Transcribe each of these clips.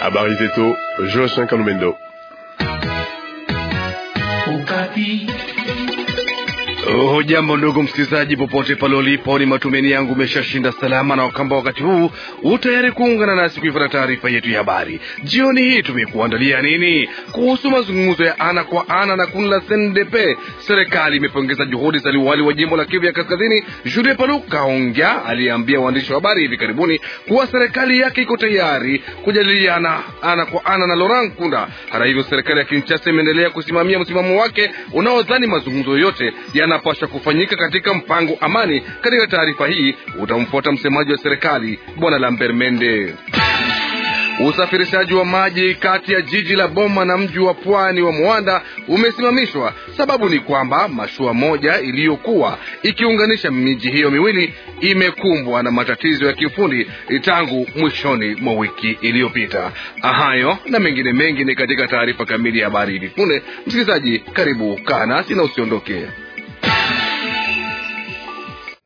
Habari zetu un camendo Okapi. Eh, hujambo ndugu msikilizaji, popote pale ulipo, ni matumaini yangu umeshashinda salama na wakamba wakati huu utayari kuungana nasi kuifuata taarifa yetu ya habari. Jioni hii tumekuandalia nini kuhusu mazungumzo ya ana kwa ana na kundi la CNDP? Serikali imepongeza juhudi za liwali wa jimbo la Kivu ya Kaskazini Julien Paluka Kahongya aliyeambia waandishi wa habari hivi karibuni kuwa serikali yake iko tayari kujadiliana ana kwa ana na Laurent Kunda. Hata hivyo, serikali ya Kinshasa imeendelea kusimamia msimamo wake unaodhani mazungumzo yote yana yanapaswa kufanyika katika mpango amani. Katika taarifa hii utamfuata msemaji wa serikali Bwana Lambert Mende. Usafirishaji wa maji kati ya jiji la Boma na mji wa pwani wa Mwanda umesimamishwa. Sababu ni kwamba mashua moja iliyokuwa ikiunganisha miji hiyo miwili imekumbwa na matatizo ya kiufundi tangu mwishoni mwa wiki iliyopita. Hayo na mengine mengi ni katika taarifa kamili ya habari hivi punde. Msikilizaji, karibu nasi na usiondoke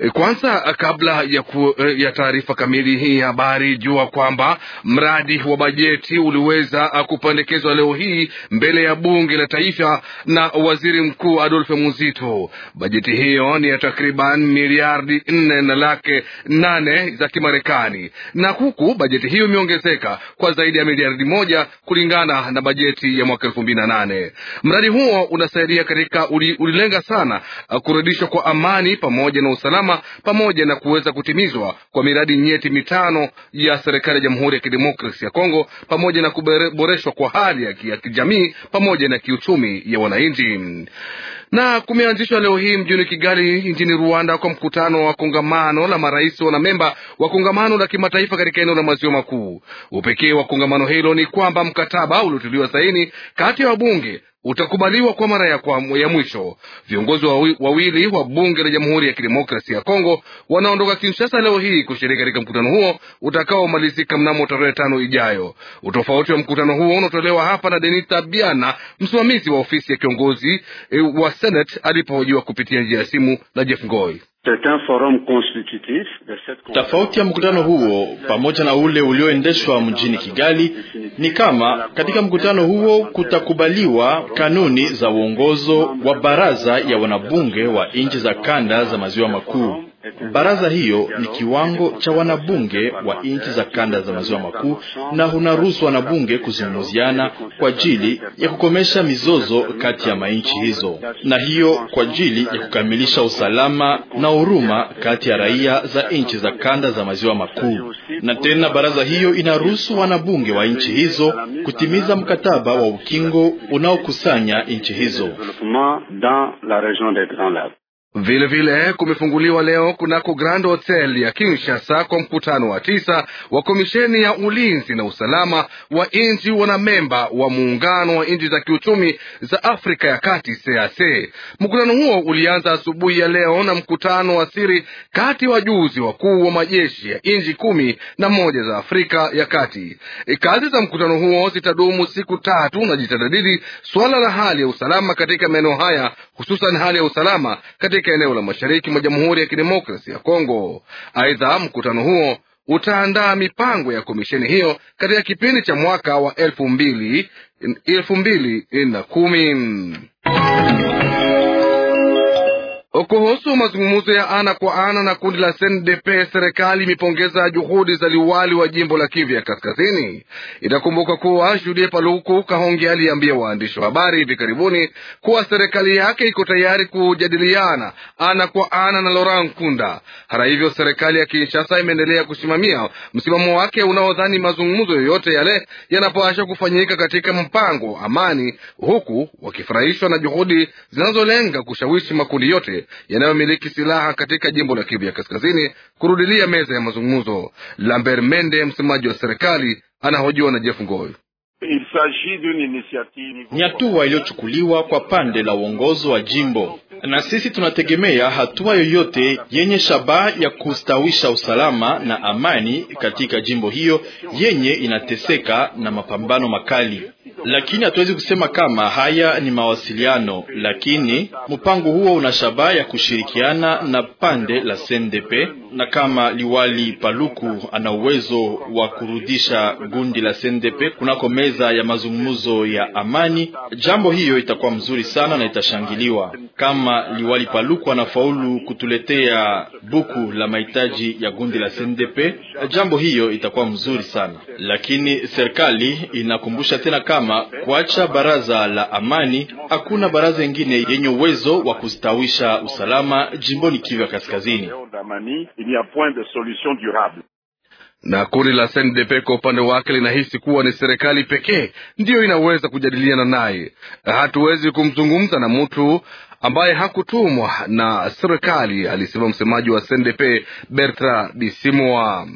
E, kwanza, kabla ya, e, ya taarifa kamili hii habari, jua kwamba mradi wa bajeti uliweza kupendekezwa leo hii mbele ya bunge la taifa na waziri mkuu adolfe Muzito. Bajeti hiyo ni ya takriban miliardi nne na lake nane za Kimarekani, na huku bajeti hiyo imeongezeka kwa zaidi ya miliardi moja kulingana na bajeti ya mwaka elfu mbili na nane. Mradi huo unasaidia katika ulilenga sana kurudishwa kwa amani pamoja na usalama usalama pamoja na kuweza kutimizwa kwa miradi nyeti mitano ya serikali ya Jamhuri ya Kidemokrasi ya Kongo pamoja na kuboreshwa kwa hali ya kijamii pamoja na kiuchumi ya wananchi. Na kumeanzishwa leo hii mjini Kigali nchini Rwanda kwa mkutano wa kongamano la marais memba wa kongamano la kimataifa katika eneo la maziwa makuu. Upekee wa kongamano hilo ni kwamba mkataba uliotuliwa saini kati ya wabunge utakubaliwa kwa mara ya, kwa, ya mwisho. Viongozi wawili wa bunge la Jamhuri ya Kidemokrasia ya Kongo wanaondoka Kinshasa leo hii kushiriki katika mkutano huo utakaomalizika mnamo tarehe tano ijayo. Utofauti wa mkutano huo unaotolewa hapa na Denis Tabiana, msimamizi wa ofisi ya kiongozi e, wa Senate alipohojiwa kupitia njia ya simu na Jeff Ngoi. Tofauti ya mkutano huo pamoja na ule ulioendeshwa mjini Kigali ni kama katika mkutano huo kutakubaliwa kanuni za uongozo wa baraza ya wanabunge wa nchi za kanda za maziwa makuu. Baraza hiyo ni kiwango cha wanabunge wa nchi za kanda za maziwa makuu na hunaruhusu wanabunge kuzungumziana kwa ajili ya kukomesha mizozo kati ya manchi hizo, na hiyo kwa ajili ya kukamilisha usalama na huruma kati ya raia za nchi za kanda za maziwa makuu. Na tena baraza hiyo inaruhusu wanabunge wa nchi hizo kutimiza mkataba wa ukingo unaokusanya nchi hizo. Vilevile vile, kumefunguliwa leo kunako Grand Hotel ya Kinshasa kwa mkutano wa tisa wa komisheni ya ulinzi na usalama wa nchi wanamemba wa muungano wa nchi za kiuchumi za Afrika ya Kati CAC. Mkutano huo ulianza asubuhi ya leo na mkutano wa siri kati wajuzi wakuu wa majeshi ya nchi kumi na moja za Afrika ya Kati. E, kazi za mkutano huo zitadumu siku tatu na jitadadili suala la hali ya usalama katika maeneo haya, hususan hali ya usalama katika katika eneo la mashariki mwa Jamhuri ya Kidemokrasi ya Kongo. Aidha, mkutano huo utaandaa mipango ya komisheni hiyo katika kipindi cha mwaka wa elfu mbili elfu mbili na kumi. Kuhusu mazungumzo ya ana kwa ana na kundi la sndp serikali imepongeza juhudi za liwali wa jimbo la Kivu ya Kaskazini. Itakumbuka kuwa Julien Paluku kahongi aliambia waandishi wa habari hivi karibuni kuwa serikali yake iko tayari kujadiliana ana kwa ana na Laurent Nkunda. Hata hivyo, serikali ya Kinshasa imeendelea kusimamia msimamo wake unaodhani mazungumzo yoyote yale yanapaswa kufanyika katika mpango amani, huku wakifurahishwa na juhudi zinazolenga kushawishi makundi yote yanayomiliki silaha katika jimbo la Kivu ya Kaskazini kurudilia meza ya mazungumzo. Lambert Mende, msemaji wa serikali, anahojiwa na Jeff Ngoi. Ni hatua iliyochukuliwa kwa pande la uongozi wa jimbo, na sisi tunategemea hatua yoyote yenye shabaha ya kustawisha usalama na amani katika jimbo hiyo yenye inateseka na mapambano makali lakini hatuwezi kusema kama haya ni mawasiliano, lakini mpango huo una shabaha ya kushirikiana na pande la CNDP na kama liwali Paluku ana uwezo wa kurudisha gundi la CNDP kunako meza ya mazungumzo ya amani, jambo hiyo itakuwa mzuri sana na itashangiliwa. Kama liwali Paluku anafaulu kutuletea buku la mahitaji ya gundi la CNDP, jambo hiyo itakuwa mzuri sana, lakini serikali inakumbusha tena kama kuacha baraza la amani, hakuna baraza ingine yenye uwezo wa kustawisha usalama jimboni Kivu ya Kaskazini il n'y a point de solution durable. Na kundi la SNDP kwa upande wake linahisi kuwa ni serikali pekee ndiyo inaweza kujadiliana naye. Hatuwezi kumzungumza na mtu ambaye hakutumwa na serikali, alisema msemaji wa SNDP Bertrand Bisimwa.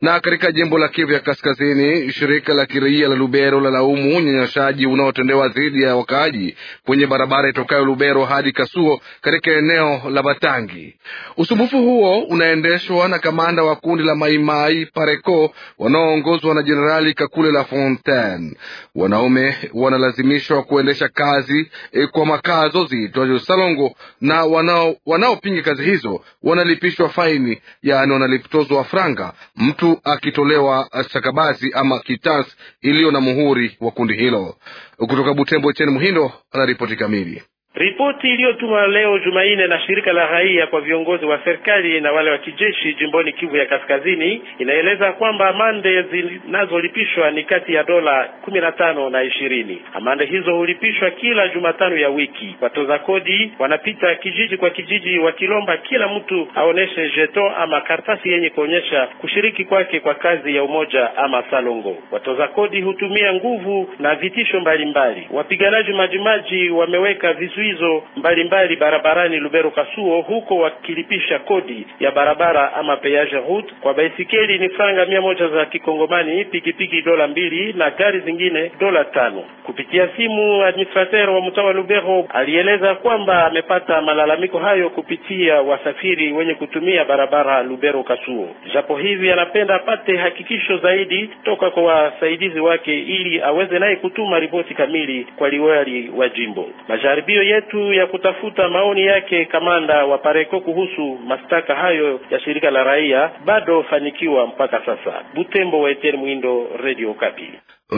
Na katika jimbo la Kivu ya Kaskazini, shirika la kiraia la Lubero la laumu unyanyashaji unaotendewa dhidi ya wakaaji kwenye barabara itokayo Lubero hadi Kasuo katika eneo la Batangi. Usumbufu huo unaendeshwa na kamanda wa kundi la Maimai pareco wanaoongozwa na Jenerali Kakule La Fontaine. Wanaume wanalazimishwa kuendesha kazi e, kwa makazo ziitwazo salongo, na wanaopinga wanao kazi hizo wanalipishwa faini, yaani wanalitozwa franga mtu mtu akitolewa stakabadhi ama kitansi iliyo na muhuri wa kundi hilo. Kutoka Butembo, cheni Muhindo anaripoti ripoti kamili. Ripoti iliyotumwa leo Jumanne na shirika la raia kwa viongozi wa serikali na wale wa kijeshi jimboni Kivu ya Kaskazini inaeleza kwamba amande zinazolipishwa ni kati ya dola kumi na tano na ishirini. Amande hizo hulipishwa kila Jumatano ya wiki. Watoza kodi wanapita kijiji kwa kijiji wakilomba kila mtu aoneshe jeton ama karatasi yenye kuonyesha kushiriki kwake kwa kazi ya umoja ama salongo. Watoza kodi hutumia nguvu na vitisho mbalimbali. Wapiganaji majimaji wameweka vizuizi matatizo mbalimbali barabarani Lubero Kasuo, huko wakilipisha kodi ya barabara ama peage route. Kwa baisikeli ni franga mia moja za kikongomani, pikipiki dola mbili na gari zingine dola tano. Kupitia simu, administrateur wa mtaa wa Lubero alieleza kwamba amepata malalamiko hayo kupitia wasafiri wenye kutumia barabara Lubero Kasuo. Japo hivi anapenda apate hakikisho zaidi toka kwa wasaidizi wake ili aweze naye kutuma ripoti kamili kwa liwali wa jimbo majaribio yetu ya kutafuta maoni yake kamanda wa Pareko kuhusu mashtaka hayo ya shirika la raia bado fanikiwa mpaka sasa. Butembo wa Etienne Mwindo, Radio Kapi.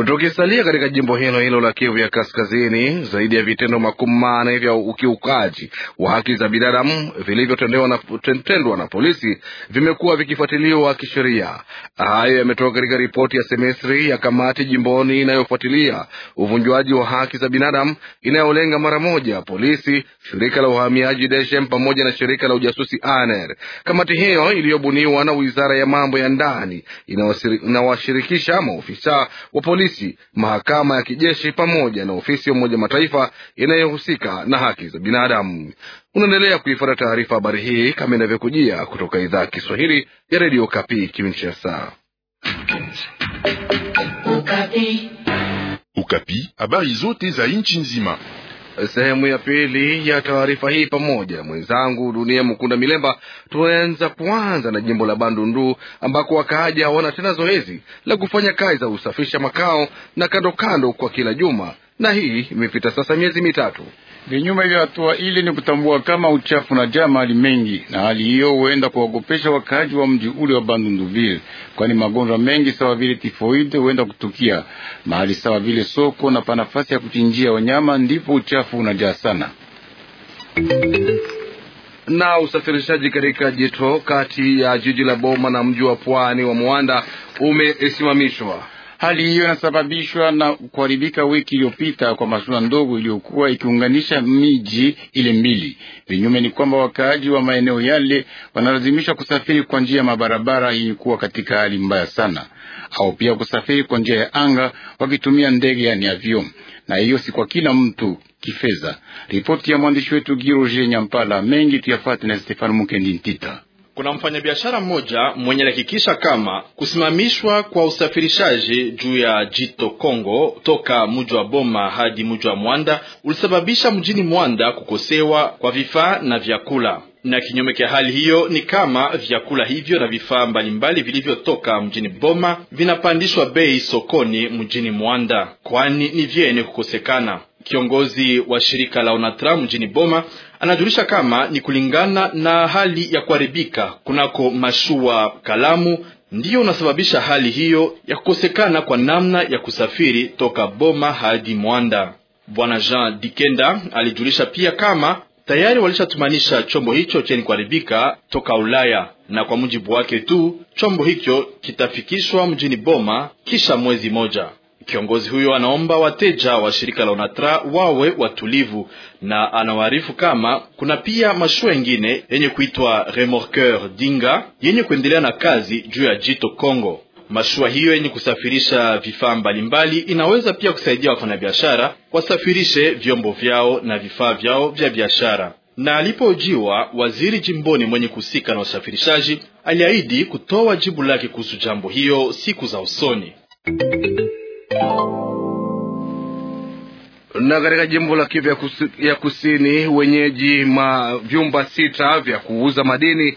Tukisalia katika jimbo hilo hilo la Kivu ya Kaskazini, zaidi ya vitendo makumi manne vya ukiukaji wa haki za binadamu vilivyotendwa na, na polisi vimekuwa vikifuatiliwa kisheria. Hayo yametoka katika ripoti ya semestri ya kamati jimboni inayofuatilia uvunjwaji wa haki za binadamu inayolenga mara moja polisi, shirika la uhamiaji Deshem pamoja na shirika la ujasusi ANER. Kamati hiyo iliyobuniwa na wizara ya mambo ya ndani inawashirikisha maofisa wa polisi polisi, mahakama ya kijeshi pamoja na ofisi ya Umoja Mataifa inayohusika na haki za binadamu. Unaendelea kuifuata taarifa habari hii kama inavyokujia kutoka idhaa ya Kiswahili ya redio Kapi Kinshasa. Ukapi, habari zote za nchi nzima sehemu ya pili ya taarifa hii pamoja mwenzangu Dunia Mkunda Milemba. Tunaanza kwanza na jimbo la Bandundu ambako wakaaji hawana tena zoezi la kufanya kazi za usafisha makao na kando kando kwa kila juma, na hii imepita sasa miezi mitatu. Vinyume vya hatua ile ni kutambua kama uchafu na jaa mali mengi, na hali hiyo huenda kuwagopesha wakaaji wa mji ule wa Bandunduville, kwani magonjwa mengi sawa vile tifoide huenda kutukia mahali sawa vile soko na panafasi ya kuchinjia wanyama, ndipo uchafu unajaa sana na usafirishaji katika jito kati ya jiji la Boma na mji wa pwani wa Mwanda umesimamishwa. Hali hiyo inasababishwa na kuharibika wiki iliyopita kwa mashua ndogo iliyokuwa ikiunganisha miji ile mbili. Vinyume ni kwamba wakaaji wa maeneo yale wanalazimishwa kusafiri kwa njia ya mabarabara ilikuwa katika hali mbaya sana, au pia kusafiri kwa njia ya anga wakitumia ndege, yani avion, na hiyo si kwa kila mtu kifedha. Ripoti ya mwandishi wetu Giroje Nyampala. Mengi tuyafuate na Stefan Mukendi Ntita. Kuna mfanyabiashara mmoja mwenye alihakikisha kama kusimamishwa kwa usafirishaji juu ya jito Kongo toka mji wa Boma hadi mji wa Mwanda ulisababisha mjini Mwanda kukosewa kwa vifaa na vyakula na kinyume cha hali hiyo ni kama vyakula hivyo na vifaa mbalimbali vilivyotoka mjini Boma vinapandishwa bei sokoni mjini Mwanda, kwani ni vyene kukosekana. Kiongozi wa shirika la UNATRA mjini Boma Anajulisha kama ni kulingana na hali ya kuharibika kunako mashua Kalamu ndiyo unasababisha hali hiyo ya kukosekana kwa namna ya kusafiri toka Boma hadi Mwanda. Bwana Jean Dikenda alijulisha pia kama tayari walishatumanisha chombo hicho chenye kuharibika toka Ulaya, na kwa mujibu wake tu chombo hicho kitafikishwa mjini Boma kisha mwezi moja. Kiongozi huyo anaomba wateja wa shirika la Onatra wawe watulivu na anawaarifu kama kuna pia mashua ingine yenye kuitwa Remorqueur Dinga yenye kuendelea na kazi juu ya Jito Kongo. Mashua hiyo yenye kusafirisha vifaa mbalimbali inaweza pia kusaidia wafanyabiashara wasafirishe vyombo vyao na vifaa vyao vya biashara. Na alipojiwa waziri jimboni mwenye kuhusika na usafirishaji, aliahidi kutoa jibu lake kuhusu jambo hiyo siku za usoni. Na katika jimbo la Kivu ya Kusini, wenyeji ma vyumba sita vya kuuza madini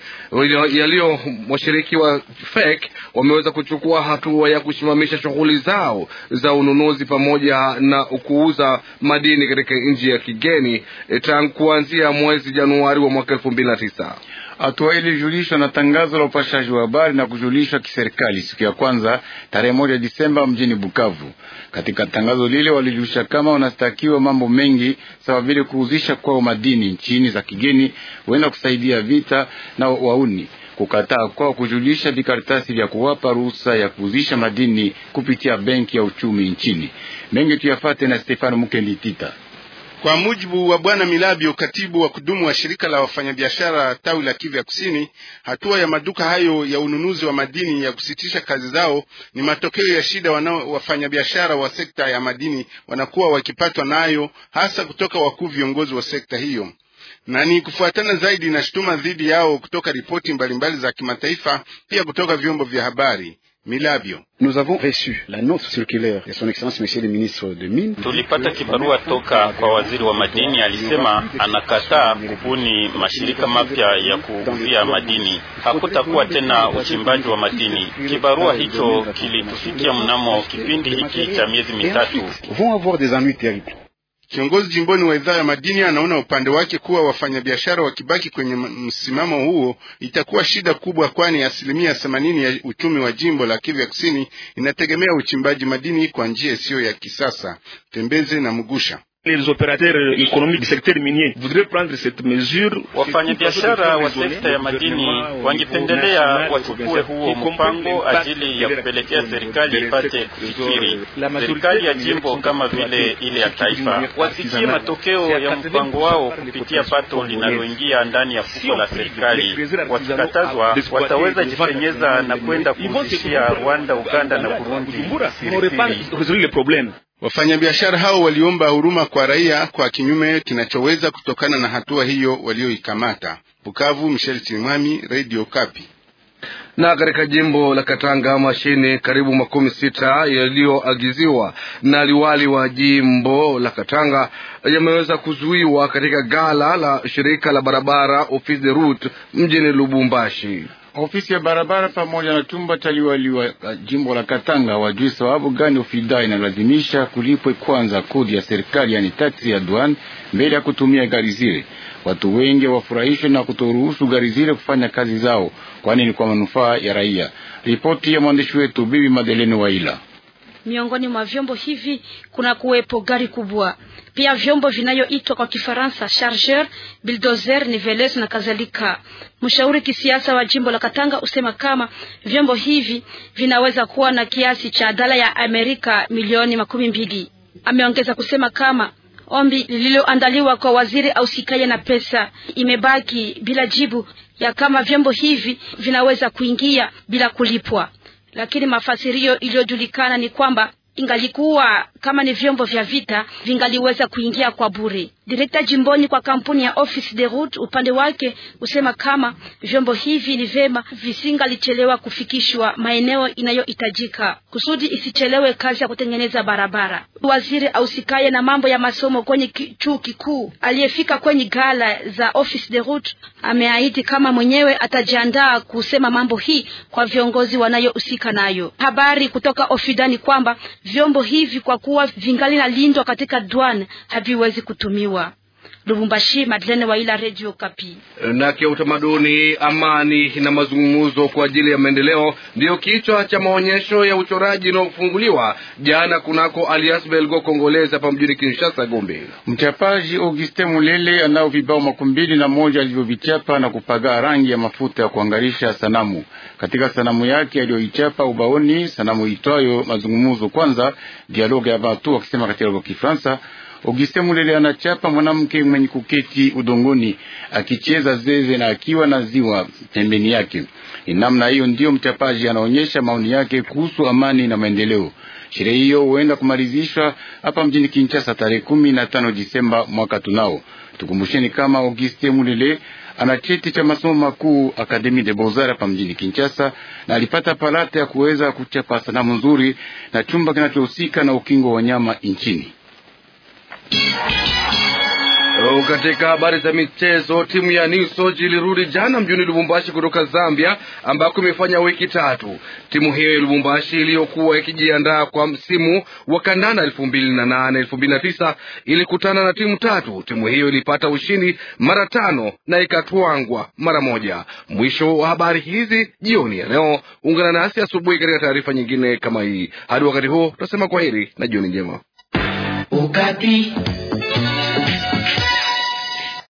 yaliyo washiriki wa FEC wameweza kuchukua hatua ya kusimamisha shughuli zao za ununuzi pamoja na kuuza madini katika nchi ya kigeni eh, tangu kuanzia mwezi Januari wa mwaka elfu mbili na tisa. Hatua ilijulishwa na tangazo la upashaji wa habari na kujulishwa kiserikali siku ya kwanza tarehe moja Disemba mjini Bukavu. Katika tangazo lile walijulisha kama wanastakiwa mambo mengi sawa vile kuuzisha kwao madini nchini za kigeni, huenda kusaidia vita na wauni kukataa kwao kujulisha vikaratasi vya kuwapa ruhusa ya kuuzisha madini kupitia benki ya uchumi nchini. Mengi tuyafate na Stefano Mukenditita. Kwa mujibu wa Bwana Milabio, katibu wa kudumu wa shirika la wafanyabiashara tawi la Kivu ya Kusini, hatua ya maduka hayo ya ununuzi wa madini ya kusitisha kazi zao ni matokeo ya shida wanao wafanyabiashara wa sekta ya madini wanakuwa wakipatwa nayo, hasa kutoka wakuu viongozi wa sekta hiyo na ni kufuatana zaidi na shutuma dhidi yao kutoka ripoti mbalimbali za kimataifa, pia kutoka vyombo vya habari. Nous avons reçu la note circulaire de son excellence monsieur le ministre de mine. Tulipata kibarua toka kwa waziri wa madini, alisema anakataa kubuni mashirika mapya ya kuuzia madini, hakutakuwa tena uchimbaji wa madini. Kibarua hicho kilitufikia mnamo kipindi hiki cha miezi mitatu. Vont avoir des ennuis terribles Kiongozi jimboni wa idhaa ya madini anaona upande wake kuwa wafanyabiashara wakibaki kwenye msimamo huo itakuwa shida kubwa, kwani asilimia themanini ya uchumi wa jimbo la Kivu ya Kusini inategemea uchimbaji madini kwa njia isiyo ya kisasa. Tembeze na Mugusha les opérateurs économiques du secteur minier voudraient prendre cette mesure. Wafanyabiashara wa sekta ya madini wangependelea wachukue huo mpango ajili ya kupelekea serikali ipate kufikiri. Serikali ya jimbo kama vile ile ya taifa wasikie matokeo ya mpango wao kupitia pato linaloingia ndani ya fuko la serikali. Wakikatazwa wataweza jipenyeza na kwenda kuuzishia Rwanda, Uganda na Burundi. Wafanyabiashara hao waliomba huruma kwa raia kwa kinyume kinachoweza kutokana na hatua hiyo walioikamata. Bukavu, Michel Simami, Radio Kapi. Na katika jimbo la Katanga mashine karibu makumi sita yaliyoagiziwa na liwali wa jimbo la Katanga yameweza kuzuiwa katika gala la shirika la barabara Office de Route mjini Lubumbashi. Ofisi ya barabara pamoja na chumba cha liwali wa uh, jimbo la Katanga wajui sababu gani ofida inalazimisha kulipwe kwanza kodi ya serikali, yani taksi ya duan mbele ya kutumia gari zile. Watu wengi wafurahishwe na kutoruhusu gari zile kufanya kazi zao, kwani ni kwa manufaa ya raia. Ripoti ya mwandishi wetu Bibi Madeleni Waila. Miongoni mwa vyombo hivi kuna kuwepo gari kubwa pia vyombo vinayoitwa kwa Kifaransa chargeur, bulldozer, niveleuse na kadhalika. Mshauri kisiasa wa jimbo la Katanga usema kama vyombo hivi vinaweza kuwa na kiasi cha dola ya Amerika milioni makumi mbili. Ameongeza kusema kama ombi lililoandaliwa kwa waziri ausikaye na pesa imebaki bila jibu ya kama vyombo hivi vinaweza kuingia bila kulipwa, lakini mafasirio iliyojulikana ni kwamba ingalikuwa kama ni vyombo vya vita vingaliweza kuingia kwa bure. Direkta jimboni kwa kampuni ya Office de Route upande wake husema kama vyombo hivi ni vyema visingalichelewa kufikishwa maeneo inayohitajika kusudi isichelewe kazi ya kutengeneza barabara. Waziri ausikaye na mambo ya masomo kwenye chuo kikuu aliyefika kwenye gala za Office de Route ameahidi kama mwenyewe atajiandaa kusema mambo hii kwa viongozi wanayohusika nayo. Habari kutoka Ofidani kwamba vyombo hivi kwa kuwa vingali nalindwa katika dwan haviwezi kutumiwa. Lubumbashi, Madlene Waila, Radio Kapi. Na utamaduni, amani na mazungumzo kwa ajili ya maendeleo ndiyo kichwa cha maonyesho ya uchoraji inayofunguliwa jana kunako Alias Belgo Kongoleza hapa mjini Kinshasa, Gombe. Mchapaji Auguste Mulele anao vibao makumi mbili na moja alivyovichapa na kupagaa rangi ya mafuta ya kuangarisha sanamu. Katika sanamu yake aliyoichapa ubaoni, sanamu itwayo mazungumzo kwanza, dialogue ya watu wakisema katika lugha ya Kifaransa Auguste Mulele anachapa mwanamke mwenye kuketi udongoni akicheza zeze na akiwa na ziwa pembeni yake. Ni namna hiyo ndiyo mchapaji anaonyesha maoni yake kuhusu amani na maendeleo. Sherehe hiyo huenda kumalizishwa hapa mjini Kinshasa tarehe kumi na tano Disemba mwaka tunao. Tukumbusheni kama Auguste Mulele ana cheti cha masomo makuu Akademi de Bozara hapa mjini Kinshasa, na alipata palate ya kuweza kuchapa sanamu nzuri na chumba kinachohusika na ukingo wa wanyama nchini. Katika habari za michezo, timu ya Nisoji ilirudi jana mjini Lubumbashi kutoka Zambia ambako imefanya wiki tatu. Timu hiyo ya Lubumbashi iliyokuwa ikijiandaa kwa msimu wa kandanda elfu mbili na nane elfu mbili na tisa ilikutana na timu tatu. Timu hiyo ilipata ushindi mara tano na ikatwangwa mara moja. Mwisho wa habari hizi jioni ya leo. Ungana nasi asubuhi katika taarifa nyingine kama hii. Hadi wakati huo, tunasema kwaheri na jioni njema. Okapi.